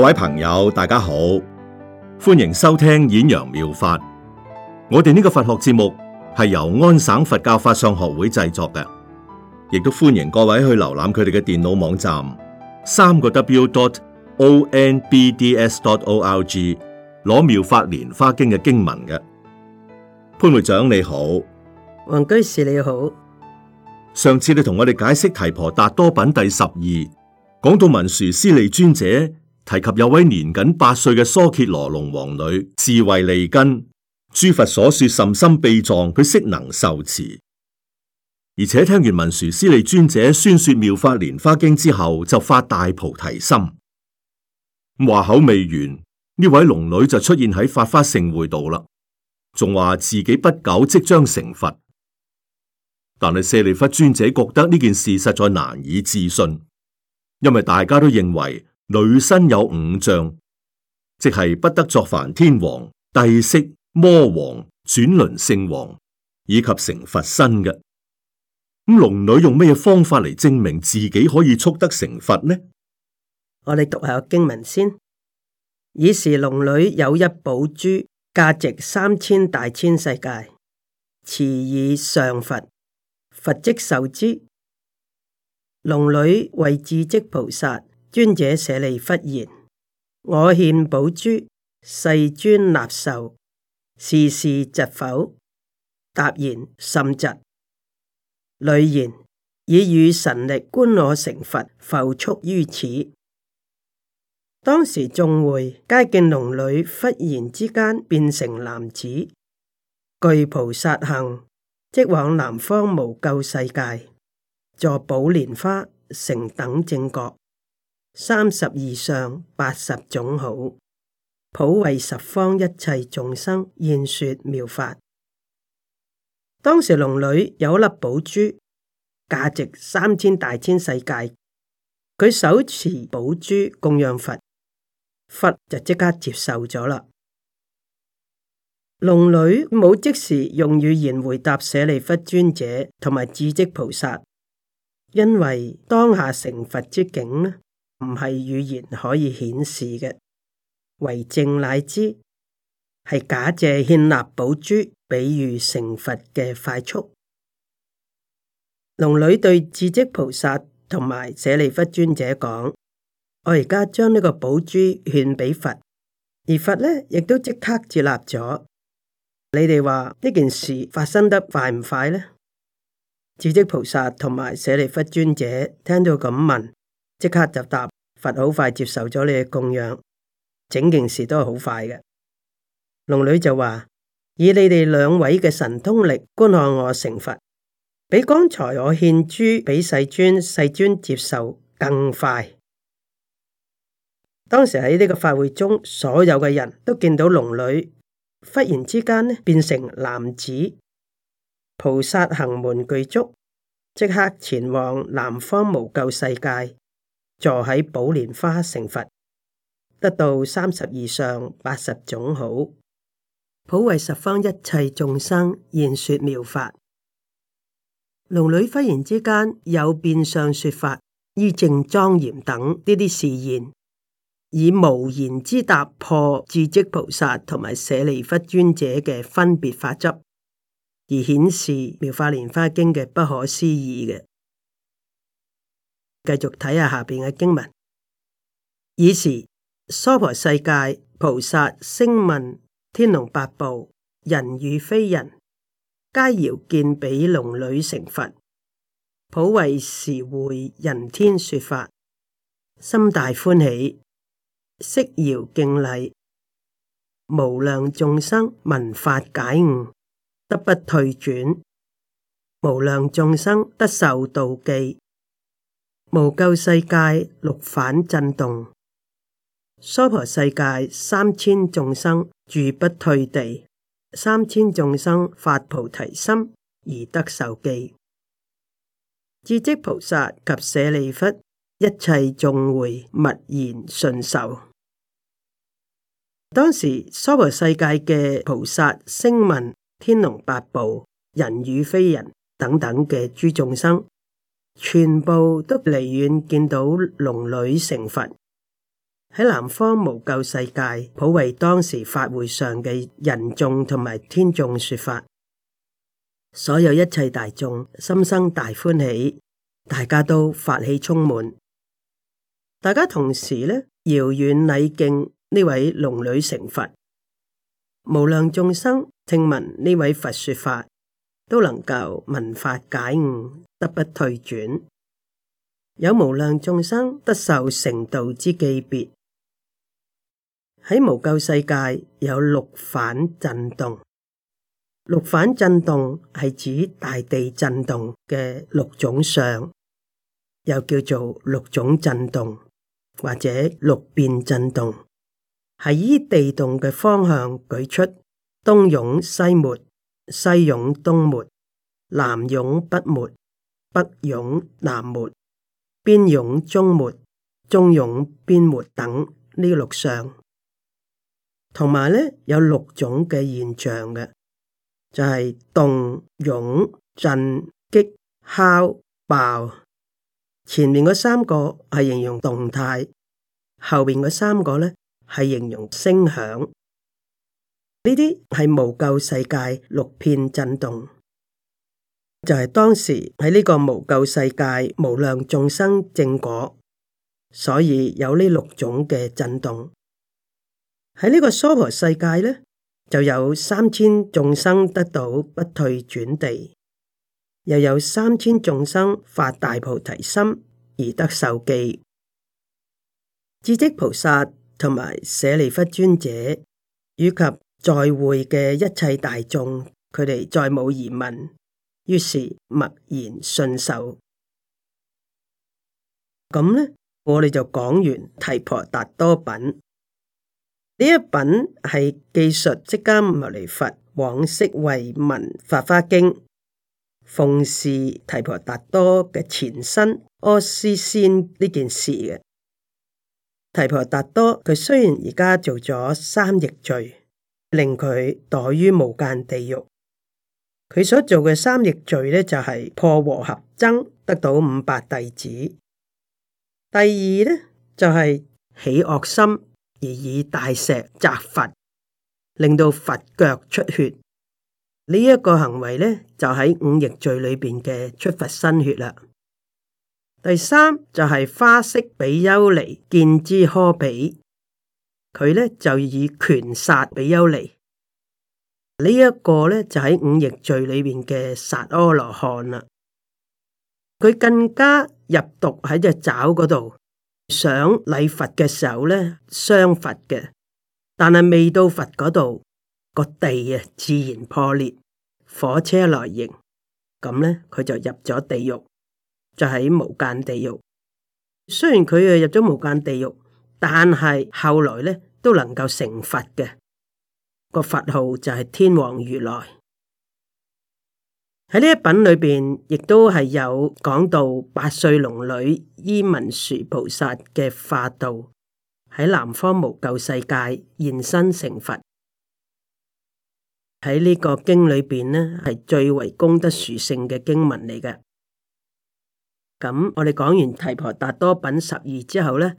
各位朋友，大家好，歡迎收聽演揚妙，妙法。我哋呢個佛學節目係由安省佛教法上學會製作嘅，亦都歡迎各位去瀏覽佢哋嘅電腦網站，三個 W 點 O N B D S 點 O L G 攞妙法蓮花經嘅經文嘅。潘會長你好，黃居士你好。上次你同我哋解釋提婆達多品第十二，講到文殊師利尊者。提及有位年僅八歲嘅娑竭羅龍王女，智慧利根，諸佛所說甚深秘藏，佢悉能受持，而且聽完文殊師利尊者宣說妙法蓮花經之後，就發大菩提心。話口未完，呢位龍女就出現喺法花盛會度啦，仲話自己不久即將成佛。但係舍利弗尊者覺得呢件事實在難以置信，因為大家都認為。女身有五障，即係不得作梵天王、帝釋、魔王、轉輪聖王以及成佛身嘅。咁、嗯、龍女用咩方法嚟證明自己可以速得成佛呢？我哋讀下個經文先。爾時龍女有一寶珠，價值三千大千世界，持以上佛，佛即受之。龍女謂智積菩薩。尊者舍利弗言，我獻寶珠，世尊納受。是事疾不？答言甚疾。女言：以汝神力觀我成佛，復速於此。當時眾會皆見龍女忽然之間變成男子，具菩薩行，即往南方無垢世界，坐寶蓮花成等正覺。三十以上八十種好，普惠十方一切眾生現說妙法。當時龍女有一粒寶珠，價值三千大千世界。佢手持寶珠供養佛，佛就即刻接受咗啦。龍女冇即時用語言回答舍利弗尊者同埋智積菩薩，因為當下成佛之境呢？唔係語言可以顯示嘅，為正乃知係假借獻納寶珠，比喻成佛嘅快速。龍女對智積菩薩同埋舍利弗尊者講：我而家將呢個寶珠獻俾佛，而佛呢亦都即刻設立咗。你哋話呢件事發生得快唔快呢？智積菩薩同埋舍利弗尊者聽到咁問。即刻就答佛，好快接受咗你嘅供養，整件事都係好快嘅。龍女就話：以你哋兩位嘅神通力，觀看我成佛，比剛才我獻珠俾世尊，世尊接受更快。當時喺呢個法會中，所有嘅人都見到龍女忽然之間呢變成男子菩薩行門具足，即刻前往南方無垢世界。坐喺寶蓮花成佛，得到三十二相八十種好，普惠十方一切眾生現說妙法。龍女忽然之間有變相說法，依正莊嚴等呢啲事言，以無言之踏破智積菩薩同埋舍利弗尊者嘅分別法執，而顯示妙法蓮花經嘅不可思議嘅。繼續睇下下邊嘅經文。爾時娑婆世界菩薩聲聞、天龍八部、人與非人，皆遙見彼龍女成佛，普為時會人天說法，心大歡喜，悉遙敬禮。無量眾生聞法解悟，得不退轉；無量眾生得受道記。無垢世界六反震動，娑婆世界三千眾生住不退地，三千眾生發菩提心而得受記，智積菩薩及舍利弗一切眾會默然順受。當時娑婆世界嘅菩薩、聲聞、天龍八部、人與非人等等嘅諸眾生。全部都離遠見到龍女成佛喺南方無垢世界，普為當時法會上嘅人眾同埋天眾説法，所有一切大眾心生大歡喜，大家都法喜充滿，大家同時呢遙遠禮敬呢位龍女成佛，無量眾生聽聞呢位佛説法。都能夠文法解悟，得不退轉。有無量眾生得受成道之記別。喺無垢世界有六反震動。六反震動係指大地震動嘅六種相，又叫做六種震動或者六變震動，係依地動嘅方向舉出東湧，東湧西沒。西涌東沒、南涌北沒、北涌南沒、邊涌中沒、中涌邊沒等、這個、呢六相，同埋咧有六種嘅現象嘅，就係、是、動涌、震擊、敲爆。前面嗰三個係形容動態，後邊嗰三個咧係形容聲響。呢啲係無垢世界六遍震動，就係、是、當時喺呢個無垢世界無量眾生正果，所以有呢六種嘅震動。喺呢個娑婆世界咧，就有三千眾生得到不退轉地，又有三千眾生發大菩提心而得受記，智積菩薩同埋舍利弗尊者以及。在會嘅一切大眾，佢哋再冇疑問，於是默然順受。咁呢，我哋就講完提婆達多品。呢一品係記述即今彌勒佛往昔為聞法華經奉事提婆達多嘅前身阿私仙呢件事嘅。提婆達多佢雖然而家做咗三逆罪。令佢墮於無間地獄。佢所做嘅三逆罪呢，就係、是、破和合僧，得到五百弟子。第二呢，就係、是、起惡心而以大石擲佛，令到佛腳出血。呢、這、一個行為呢，就喺五逆罪裏邊嘅出佛身血啦。第三就係、是、華色比丘尼見之可比。佢咧就以拳殺比丘尼，呢一個咧就喺五逆罪裏邊嘅殺阿羅漢啦。佢更加入毒喺隻爪嗰度，想禮佛嘅時候咧傷佛嘅，但係未到佛嗰度，個地啊自然破裂，火車來迎，咁咧佢就入咗地獄，就喺無間地獄。雖然佢啊入咗無間地獄。但係後來咧都能夠成佛嘅，個佛號就係天王如來。喺呢一品裏邊，亦都係有講到八歲龍女依文殊菩薩嘅化度，喺南方無垢世界現身成佛。喺呢個經裏邊呢，係最為功德殊勝嘅經文嚟嘅。咁我哋講完提婆達多品十二之後呢，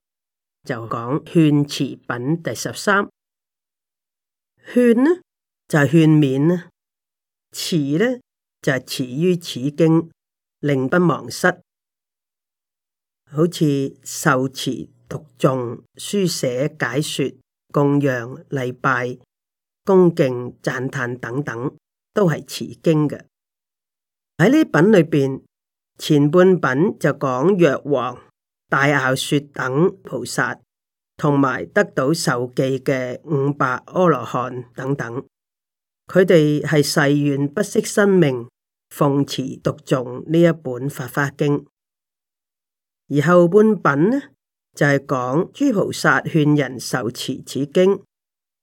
就講勸持品第十三，勸呢就係、是、勸勉呢，持呢就係、是、持於此經，令不忘失。好似受持讀誦書寫解說供養禮拜恭敬讚嘆等等，都係持經嘅。喺呢品裏邊，前半品就講藥王，大樂說等菩薩，同埋得到授記嘅五百阿羅漢等等，佢哋係誓願不惜生命，奉持讀誦呢一本法華經。而後半品呢，就係、是、講諸菩薩勸人受持此經，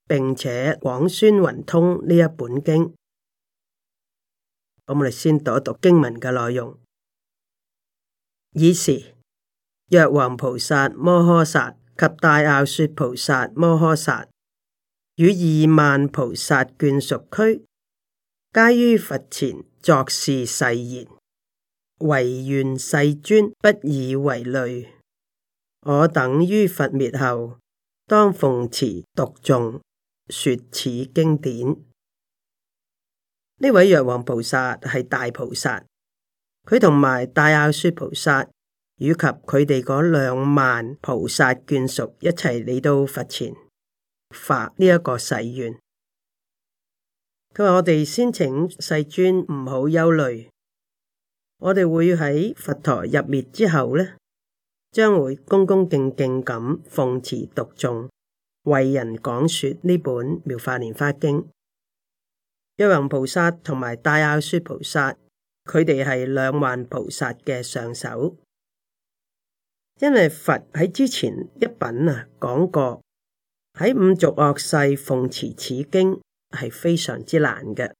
並且廣宣雲通呢一本經。噉我哋先讀一讀經文嘅內容，以時。藥王菩薩摩訶薩及大樂說菩薩摩訶薩與二萬菩薩眷屬俱，皆於佛前作是誓言：唯願世尊不以為慮。我等於佛滅後，當奉持讀誦說此經典。呢位藥王菩薩係大菩薩，佢同埋大樂說菩薩。以及佢哋嗰兩萬菩薩眷屬一齊嚟到佛前發呢一個誓願。今日我哋先請世尊唔好憂慮，我哋會喺佛陀入滅之後呢，將會恭恭敬敬咁奉持讀誦，為人講說呢本妙法蓮華經。藥王菩薩同埋大樂說菩薩，佢哋係兩萬菩薩嘅上首。因為佛喺之前一品啊，講過，喺五族惡世奉持此經係非常之難嘅，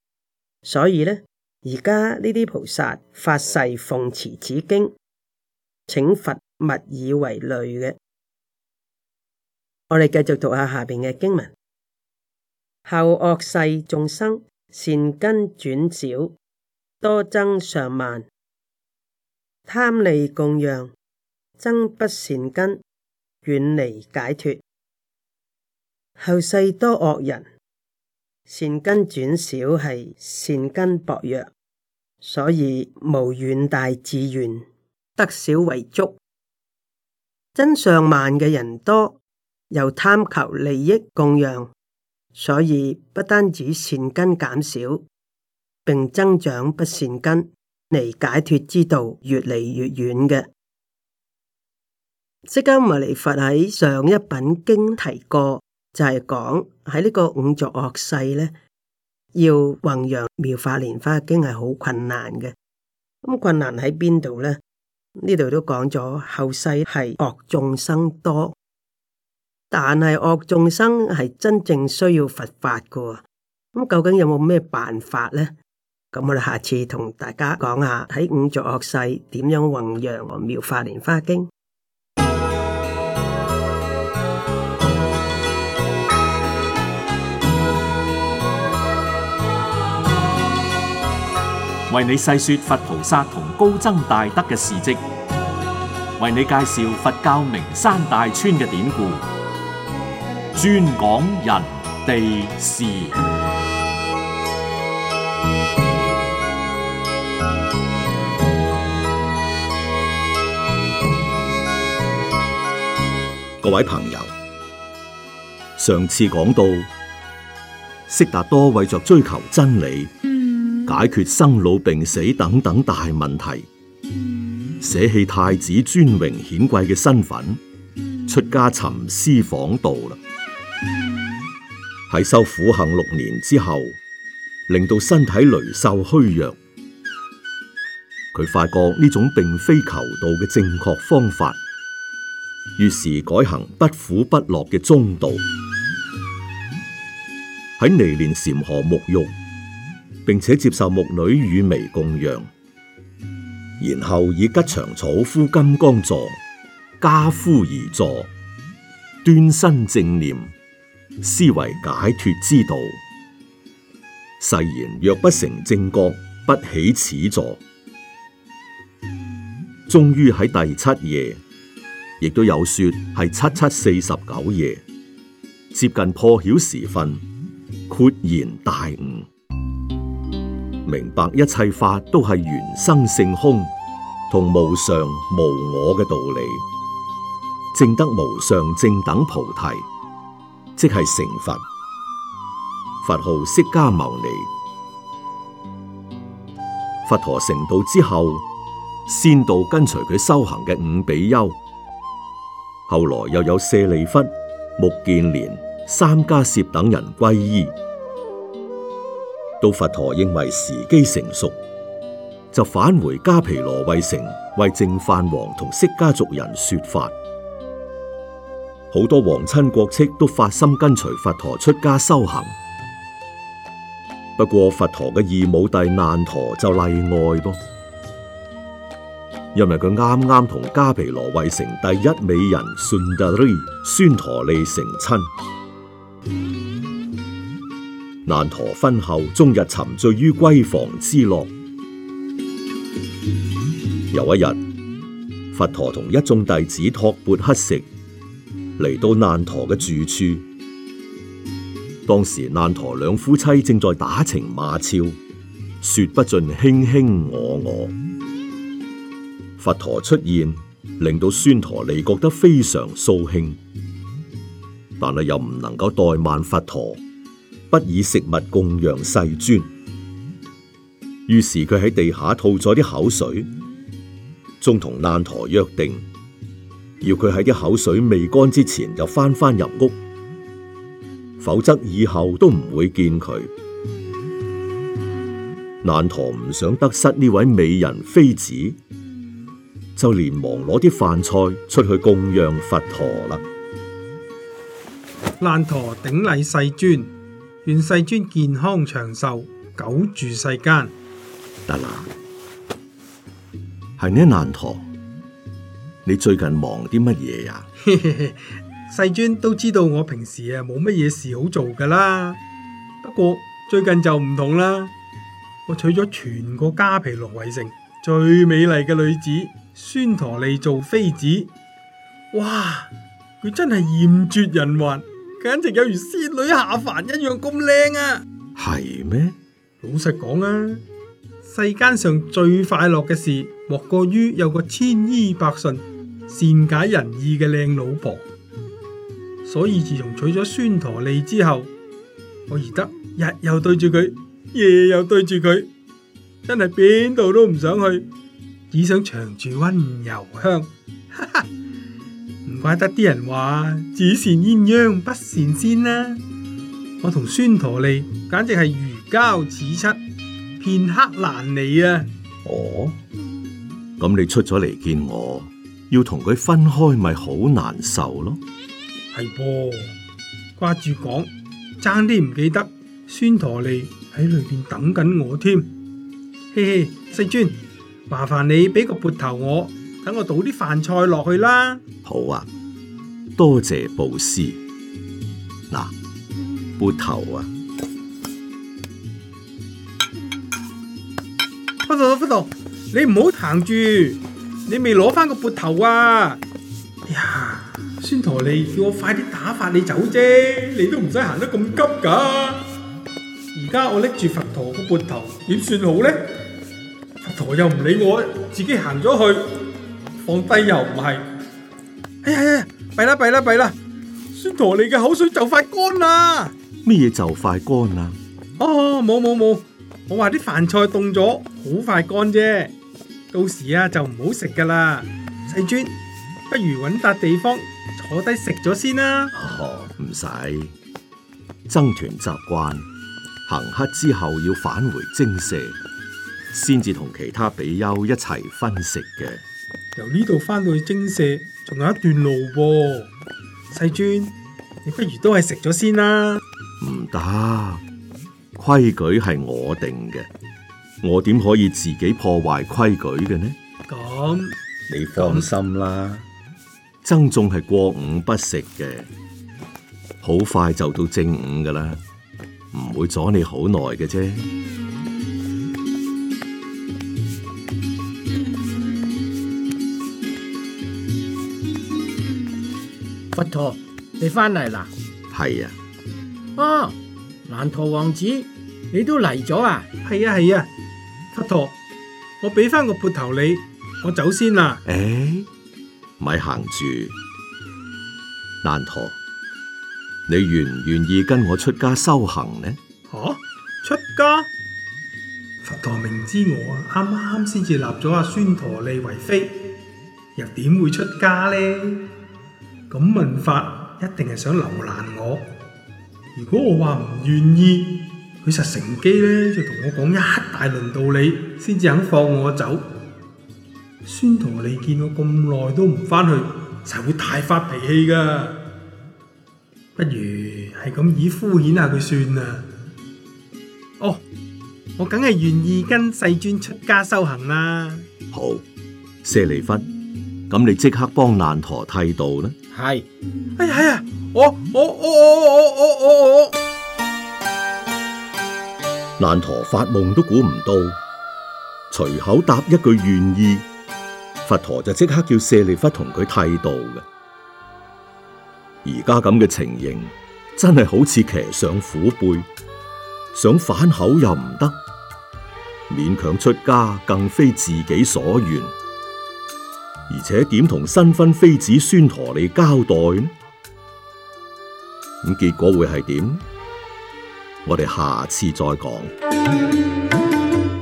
所以咧，而家呢啲菩薩發誓奉持此經，請佛勿以為累嘅。我哋繼續讀下下邊嘅經文：後惡世眾生善根轉少，多增上慢，貪利供養。增不善根，遠離解脫。後世多惡人，善根轉少，係善根薄弱，所以無遠大志願，得少為足。增上慢嘅人多，又貪求利益供養，所以不單止善根減少，並增長不善根，離解脫之道越嚟越遠嘅。《釋迦牟尼佛喺上一品經提過，就係講喺呢個五濁惡世咧，要弘揚《妙法蓮花經》係好困難嘅。咁、嗯、困難喺邊度咧？呢度都講咗，後世係惡眾生多，但係惡眾生係真正需要佛法噶。咁、嗯、究竟有冇咩辦法咧？咁、嗯、我哋下次同大家講下喺五濁惡世點樣弘揚《妙法蓮花經》。為你細說佛菩薩同高僧大德嘅事蹟，為你介紹佛教名山大川嘅典故，專講人地事。各位朋友，上次講到悉達多為着追求真理。解決生老病死等等大問題，捨棄太子尊榮顯貴嘅身份，出家尋師訪道啦。喺修苦行六年之後，令到身體羸瘦虛弱，佢發覺呢種並非求道嘅正確方法，於是改行不苦不樂嘅中道，喺尼連禪河沐浴。並且接受牧女乳糜供養，然後以吉祥草，草敷金剛座，跏趺而坐，端身正念，思維解脫之道。誓言若不成正覺，不起此座。終於喺第七夜，亦都有說係七七四十九夜，接近破曉時分，豁然大悟。明白一切法都係緣生性空同無常無我嘅道理，證得無上正等菩提，即係成佛。佛號釋迦牟尼。佛陀成道之後，先道跟隨佢修行嘅五比丘，後來又有舍利弗、目犍連、三迦葉等人皈依。到佛陀認為時機成熟，就返回加皮羅衛城為淨飯王同釋迦族人說法。好多皇親國戚都發心跟隨佛陀出家修行。不過佛陀嘅異母弟難陀就例外噃，因為佢啱啱同加皮羅衛城第一美人蘇德瑞孫陀利成親。難陀婚後終日沉醉於閨房之樂。有一日，佛陀同一眾弟子托缽乞食，嚟到難陀嘅住處。當時難陀兩夫妻正在打情罵俏，說不盡卿卿我我。佛陀出現，令到孫陀利覺得非常掃興，但係又唔能夠怠慢佛陀，不以食物供養世尊。於是佢喺地下吐咗啲口水，仲同難陀約定，要佢喺啲口水未乾之前就返返入屋，否則以後都唔會見佢。難陀唔想得失呢位美人妃子，就連忙攞啲飯菜出去供養佛陀啦。難陀頂禮世尊。願世尊健康長壽，久住世間。得喇，係呢，難陀，你最近忙啲乜嘢呀？嘿嘿嘿，世尊都知道我平時啊冇乜嘢事好做噶啦，不過最近就唔同啦。我娶咗全個加皮羅衛城最美麗嘅女子孫陀利做妃子，哇！佢真係艷絕人寰。簡直有如仙女下凡一樣咁靚啊！係咩嗎？老實講啊，世間上最快樂嘅事，莫過於有個千依百順、善解人意嘅靚老婆。所以自從娶咗孫陀利之後，我而得日又對住佢，夜又對住佢，真係邊度都唔想去，只想長住溫柔鄉。 唔怪得啲人話，只羨鴛鴦不羨仙啦！我同孫陀利簡直係如膠似漆，片刻難離啊！哦，咁你出咗嚟見我，要同佢分開咪好難受咯？係噃，掛住講，爭啲唔記得孫陀利喺裏邊等緊我添。嘿嘿，世尊，麻煩你俾個撥頭我。等我倒啲飯菜落去啦。好啊，多謝布施。嗱，鉢頭啊，佛陀佛陀，你唔好行住，你未攞翻個鉢頭啊！哎呀，孫陀利你叫我快啲打發你走啫，你都唔使行得咁急噶。而家我拎住佛陀個鉢頭，點算好咧？佛陀又唔理我，自己行咗去。放低又唔係，哎呀呀！弊啦弊啦弊啦，孫陀利嘅口水就快乾啦。咩嘢就快乾啦？哦，冇冇冇，我話啲飯菜凍咗，好快乾啫。到時啊就唔好食噶啦。世尊，不如搵笪地方坐低食咗先啦。哦，唔使。僧團習慣行乞之後要返回精舍，先至同其他比丘一齊分食嘅。由呢度翻到去精舍，仲有一段路噃。哦，世尊，你不如都係食咗先啦。唔得，規矩係我定嘅，我點可以自己破壞規矩嘅呢？咁樣你放心啦，僧眾係過午不食嘅，好快就到正午噶啦，唔會阻你好耐嘅啫。佛陀，你翻嚟啦？係啊！哦、啊，難陀王子，你都嚟咗啊？係啊係啊！佛陀，我俾翻個撥頭你，我先走先啦。誒、欸，咪行住，難陀，你願唔願意跟我出家修行呢？吓、啊，出家？佛陀明知我啱啱先至立咗阿孫陀利為妃，又點會出家呢？咁問法一定係想留難我。如果我話唔願意，佢實乘機咧就同我講一大輪道理，先至肯放我走。孫陀利見我咁耐都唔翻去，就會大發脾氣噶。不如係咁以敷衍下佢算啦。哦，我梗係願意跟世尊出家修行啦。好，舍利弗，咁你即刻幫難陀剃度啦。係，哎呀，我我我我我我我我，難陀發夢都估唔到，隨口答一句願意，佛陀就即刻叫舍利弗同佢剃度嘅。而家咁嘅情形，真係好似騎上虎背，想反口又唔得，勉強出家更非自己所願。而且點同新婚妃子孫陀利交代呢？咁結果會係點？我哋下次再講。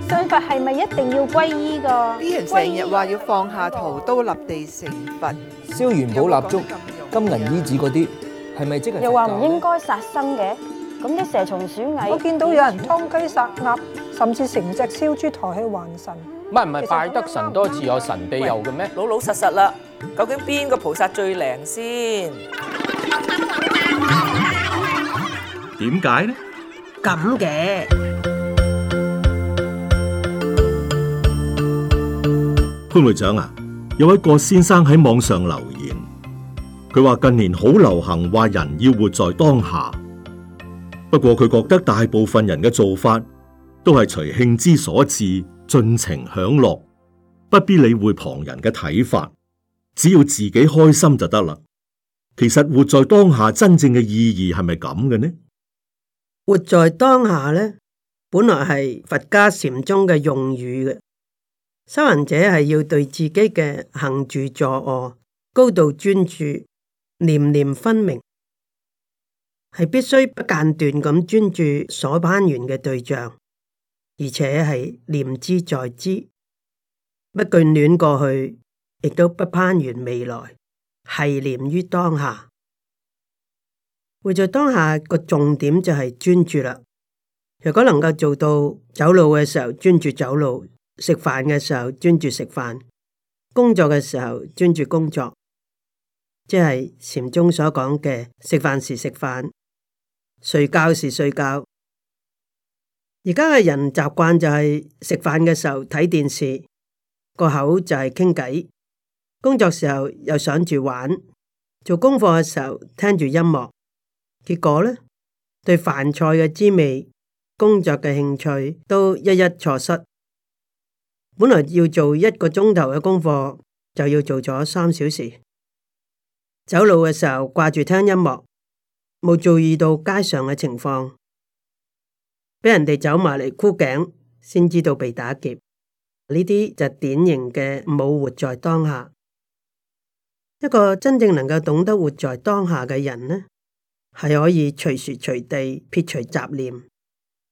信佛係咪一定要皈依㗎？啲人成日話要放下屠刀立地成佛，燒元寶蠟燭、金銀衣紙嗰啲，係咪即係？又話唔應該殺生嘅，咁啲蛇蟲鼠蟻，我見到有人劏雞殺鴨，甚至成隻燒豬抬去還神。唔係唔係，拜得神多自有神庇佑嘅咩？老老實實啦，究竟邊個菩薩最靈先？點解咧？咁嘅潘會長啊，有位郭先生喺網上留言，佢話近年好流行話人要活在當下，不過佢覺得大部分人嘅做法都係隨興之所至。盡情享樂，不必理會旁人嘅睇法，只要自己開心就得啦。其實活在當下真正嘅意義係咪咁嘅呢？活在當下呢，本來係佛家禪宗嘅用語嘅，修行者係要對自己嘅行住坐卧高度專注，念念分明，係必須不間斷咁專注所攀緣嘅對象。而且係念之在之，不眷戀過去，亦都不攀緣未來，係念於當下。活在當下個重點就係專注啦。如果能夠做到走路嘅時候專注走路，食飯嘅時候專注食飯，工作嘅時候專注工作，即係禪宗所講嘅食飯時食飯，睡覺時睡覺。而家嘅人習慣就係食飯嘅時候睇電視，個口就係傾偈；工作時候又想住玩，做功課嘅時候聽住音樂。結果咧，對飯菜嘅滋味、工作嘅興趣都一一錯失。本來要做一個鐘頭嘅功課，就要做咗三小時。走路嘅時候掛住聽音樂，冇注意到街上嘅情況。俾人哋走埋嚟箍頸，先知道被打劫。呢啲就是典型嘅冇活在當下。一個真正能夠懂得活在當下嘅人呢，係可以隨時隨地撇除雜念，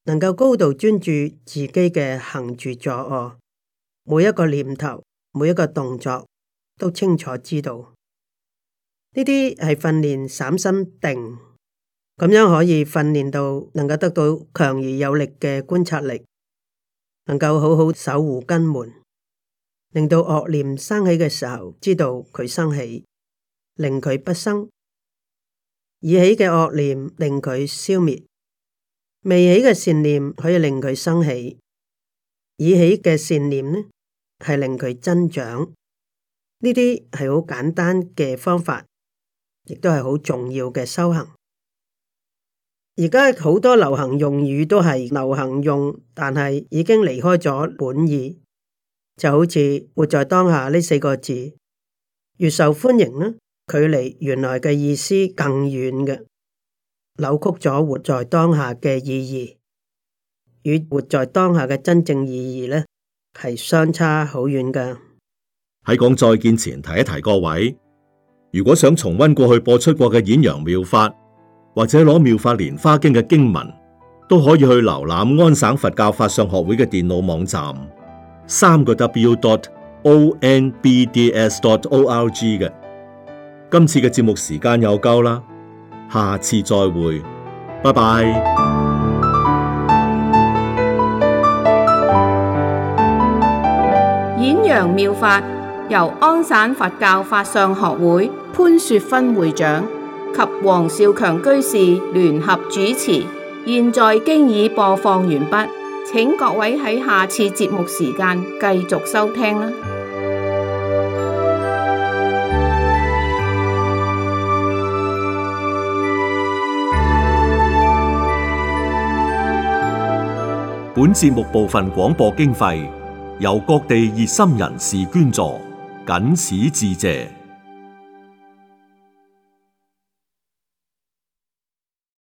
能夠高度專注自己嘅行住坐卧，每一個念頭、每一個動作都清楚知道。呢啲係訓練散心定。咁樣可以訓練到，能夠得到強而有力嘅觀察力，能夠好好守護根門，令到惡念生起嘅時候，知道佢生起，令佢不生；已起嘅惡念，令佢消滅；未起嘅善念，可以令佢生起；已起嘅善念呢，係令佢增長。呢啲係好簡單嘅方法，亦都係好重要嘅修行。而家好多流行用語都係流行用，但係已經離開咗本意，就好似活在當下呢四個字，越受歡迎咧，距離原來嘅意思更遠嘅，扭曲咗活在當下嘅意義，與活在當下嘅真正意義呢，係相差好遠噶。喺講再見前提一提各位，如果想重温過去播出過嘅演揚妙法。或者攞《妙法蓮華經》嘅經文，都可以去瀏覽安省佛教法相學會嘅電腦網站，三個 W dot O N B D S dot O R G 嘅。今次嘅節目時間有夠啦，下次再會，拜拜。演揚妙法，由安省佛教法相學會潘雪芬會長及王少強居士聯合主持，現在經已播放完畢，請各位喺下次節目時間繼續收聽啦。本節目部分廣播經費由各地熱心人士捐助，謹此致謝。